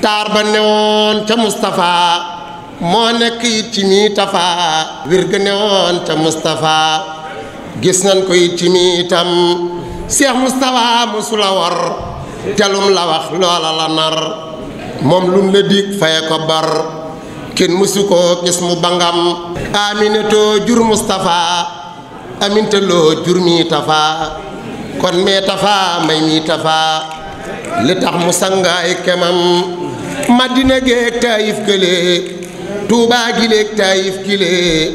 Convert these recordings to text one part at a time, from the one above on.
taar ba newoon ca Moustapha moo nekk it ci mii tafa wér ga newoon ca Moustapha gis nañ ko it ci mii itam Cheikh Moustapha mosula war telum la wax loola la nar moom lun la dig faye ko bar kenn mosu koo gis mu bangam aminatoo jur Moustapha amintaloo jur mii tafa kon mee tafa may mii tafa li tax mu sangaay kemam madina géeg taayif kële tuubaa giléeg taayif kile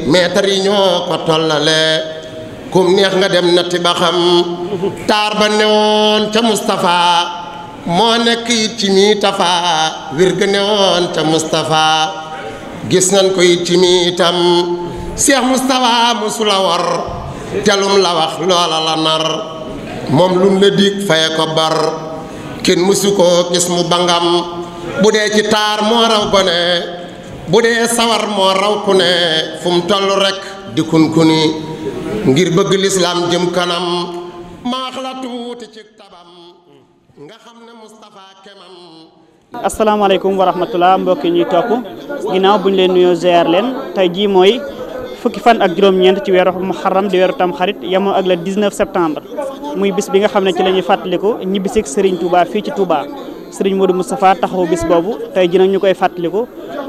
meetar ñoo ko tollale kum neex nga dem natti ba taar ba newoon ca Moustapha moo nekk it ci mii tafa wér ga newoon ca Moustapha gis nañ ko it ci mii itam Cheikh Moustapha mosula war telum la wax loola la nar moom lun la dig faye ko bar kenn mësu ko gis mu bangam bu dee ci taar moo raw gone bu dee sawar moo raw ku ne fu mu toll rekk di kunkuni ngir bëgg lislaam jëm kanam maax la tuuti ci tabam nga xam ne Moustapha kemam asalaamaaleykum wa rahmatullah mbokk ñuy topp ginnaaw bu ñu leen nuyoo ziar leen tey jii mooy fukki fan ak juróom-ñeent ci weeru muharram di weeru tam xarit yemoo ak le 19 septembre muy bis bi nga xam ne ci la ñuy fàttaliku ñibbisig Serigne Touba fii ci Touba Serigne Modou Moustapha taxawu bis boobu tey ji ñu koy fàttaliku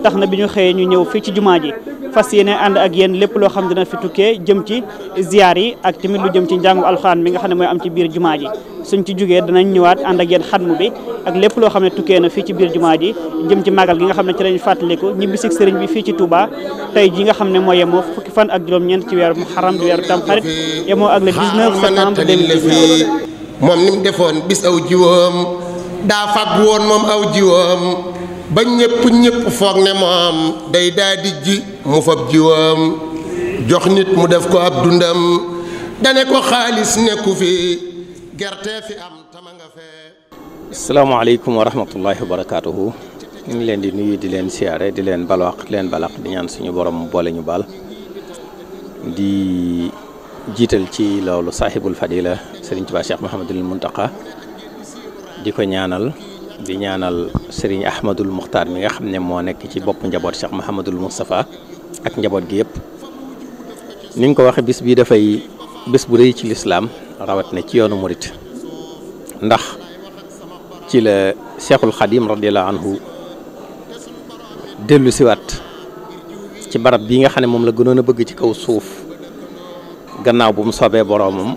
tax na bi ñu xëyee ñu ñëw fii ci jumaa ji fas yéene ànd ak yéen lépp loo xam dina fi tukkee jëm ci ziyaar yi ak tamit lu jëm ci njàngu alxuraan mi nga xam ne mooy am ci biir jumaa ji suñ ci jógee danañ ñëwaat ànd ak yéen xatmu bi ak lépp loo xam ne tukkee na fii ci biir jumaa ji jëm ci màggal gi nga xam ne ci lañ fàttaliku ñibbisig sëriñ bi fii ci Touba tey ji nga xam ne moo yemoo fukki fan ak juróom-ñeent ci weeru Muharram di weeru Tamxarit yemoo ak le 19 septembre 2019 moom ni mu defoon bis aw jiwoom daa fàgg ba ñépp ñépp foog ne moom day daldi ji mu fab jiwam jox nit mu def ko ab dundam dane ko xaalis nekku fi gerte fi am tama nga fee asalaamaaleykum wa rahmatullahi wa barakaatuhu ñu ngi leen di nuyu di leen siyaare di leen balwaq di leen balaq di ñaan suñu borom boole ñu baal di jiital ci loolu saaxibul fadila Sëriñ Tuubaa Cheikh Mahamadul Muntaqa di ko ñaanal di ñaanal sëriñ Ahmadul Muxtaar mi nga xam ne moo nekk ci bopp njaboot Cheikh Mahamadul Moustapha ak njaboot gi yëpp ni nga ko waxee bis bii dafay bis bu rëy ci lislaam rawat na ci yoonu morit ndax ci la Cheikhul Xadim radiallahu anhu dellu dellusiwaat ci barab bi nga xam ne moom la gënoon a bëgg ci kaw suuf gannaaw bu mu sobee boroomam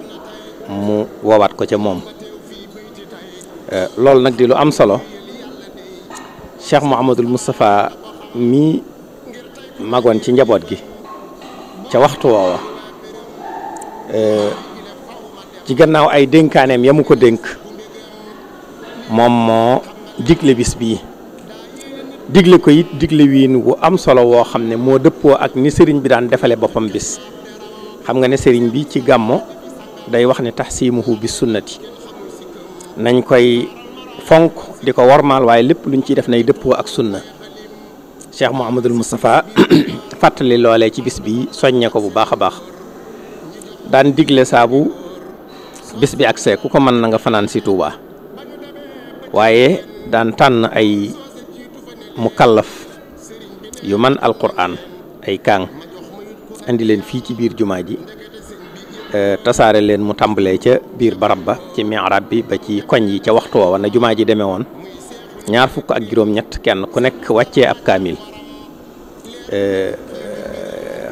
mu woowaat ko ca moom Euh, loolu nag di lu am solo Cheikh Mouhamadul Moustapha mi magoon ci njaboot gi ca waxtu woowa euh, ci gannaaw ay dénkaaneem ya mu ko dénk moom moo digle bis bii digle ko it digle wiin wu am solo woo xam ne moo dëppoo ak ni sëriñ bi daan defale boppam bis xam nga ne sëriñ bi ci gàmmo day wax ne taxsimuhu bi sunnati nañ koy fonk di ko wormaal waaye lépp luñ ciy def nay dëppoo ak sunna Cheikh Mouhamadul Moustapha fàttali loole ci bis bi soññee ko bu baax a baax daan digle saabu bis bi ak ku ko mën na nga fanaan si Touba waaye daan tànn ay kallaf yu man alquran ay kaang andi leen fii ci biir jumaa ji Euh, tasaare leen mu tàmbalee ca biir barab ba ci mi'rab bi ba ci koñ yi ca waxtu wa na jumaa ji demee woon ñaar fukk ak juróom-ñett kenn ku nekk wàccee ab kaamil euh,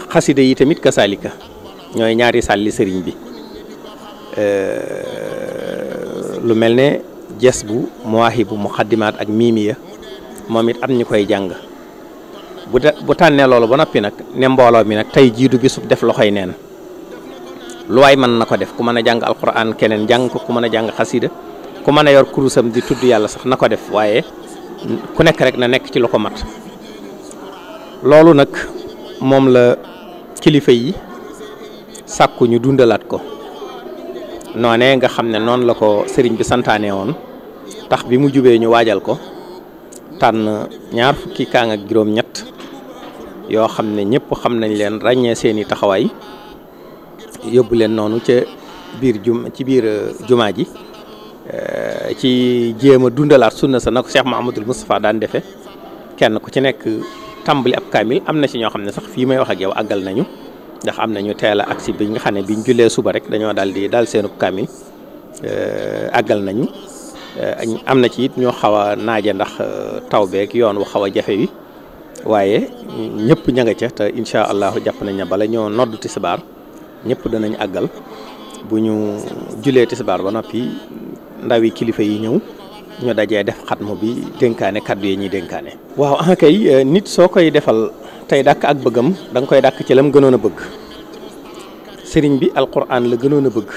xasida yi tamit kasaalika ñooy ñaari sàlli sëriñ bi euh, lu mel ne jes bu muwaahi bu muxaddimaat ak miimiya moom it am ñu koy jàng bu de bu tànnee loolu ba noppi nag ne mbooloo mi nag tey jiidu bisub def loxoy neen lu waay mën na ko def ku mën a jàng alquran keneen jàng ko ku mën a jàng xasida ku mën a yor kurusam di tudd yàlla sax na ko def waaye ku nekk rek na nekk ci lu ko mat loolu nag moom la kilifa yi sàkku ñu dundalaat ko noonee nga xam ne noonu la ko sëriñ bi santaane woon tax bi mu jubee ñu waajal ko tànn ñaar fukki kaang ak juróom-ñett yoo xam ne ñëpp xam nañ leen ràññee seeni taxawaay yóbbu leen noonu ca biir jum ci biir euh, jumaa ji euh, ci jéem a dundalaat sunna sa na ko mu Mahamadul Moustapha daan defee kenn ku ci nekk tàmbali ab kaamil am na ci ñoo xam ne sax fii may wax ak yow àggal nañu ndax am nañu teel a agsi bi nga xam ne biñ jullee suba rek dañoo daal di daal seenub kaamil euh, àggal nañu am na ci it ñoo xaw a naaje ndax taw beek yoon wu xaw a jafe wi waaye ñëpp ña nga ca te incha allah jàpp nañ ne bala ñoo noddu tisbaar ñëpp danañ àggal bu ñu julee tisbaar ba noppi ndawi kilifa yi ñëw ñu dajee def xatmu bi dénkaane kàddu yi ñuy dénkaane. waaw ah, en euh, nit soo koy defal tey dàkk ak bëggam da koy dàkk ci lam gënoon a bëgg sëriñ bi alquran la gënoon a bëgg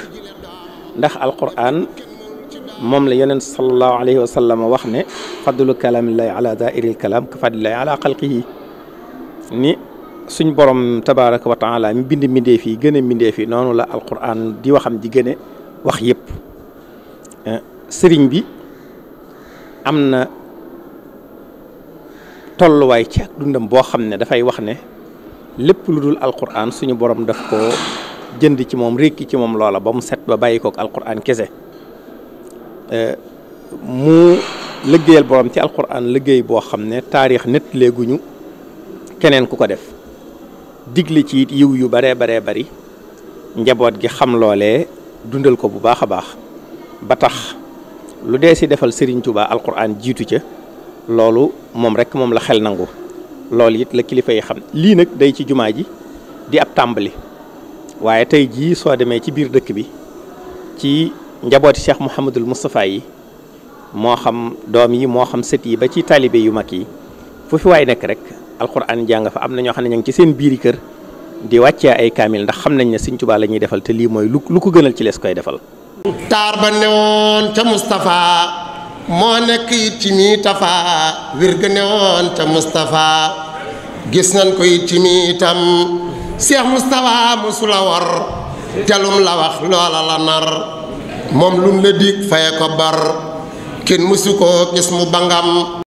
ndax alquran moom la yeneen sallallahu alayhi wa sallam wax ne fadlu kalamillahi ala dairil kalam ka fadlillahi ala xalqihi ni suñ borom tabaaraka wa taala bind mbindeef yi gën a mbindeef noonu la alquran di waxam di gën a wax yëpp eh, sëriñ bi am na tolluwaay ci ak dundam boo xam ne dafay wax ne lépp lu dul alquran suñu borom daf ko jënd ci moom rékki ci moom loola ba mu set ba bàyyi kook alquran kese eh, mu liggéeyal borom ci alquran liggéey boo xam ne taarix nett léeguñu keneen ku ko def digle ci it yiw yu baree baree bari njaboot gi xam loole dundal ko bu baax a baax ba tax lu dee si defal Serigne Touba alquran jiitu ca loolu moom rek moom la xel nangu loolu it la kilifa yi xam lii nag day ci jumaa ji di ab tàmbali waaye tey jii soo demee ci biir dëkk bi ci njabooti Cheikh Mouhamadul Moustapha yi moo xam doom yi moo xam set yi ba ci taalibe yu mag yi fu fi waay nekk rek. alxuraan jàng fa am na ñoo xam ne ña ngi ci seen biiri kër di wàccee ay kaamil ndax xam nañ ne Sëñ Tuubaa la ñuy defal te lii mooy lu lu ko gënal ci lees koy defal. taar ba newoon ca Moustapha moo nekk it ci mii nañ ko it ci mii tam Cheikh Moustapha mosu la war telum la wax loola la nar moom lu mu la dig faye ko bar kenn mosu ko gis mu bangam.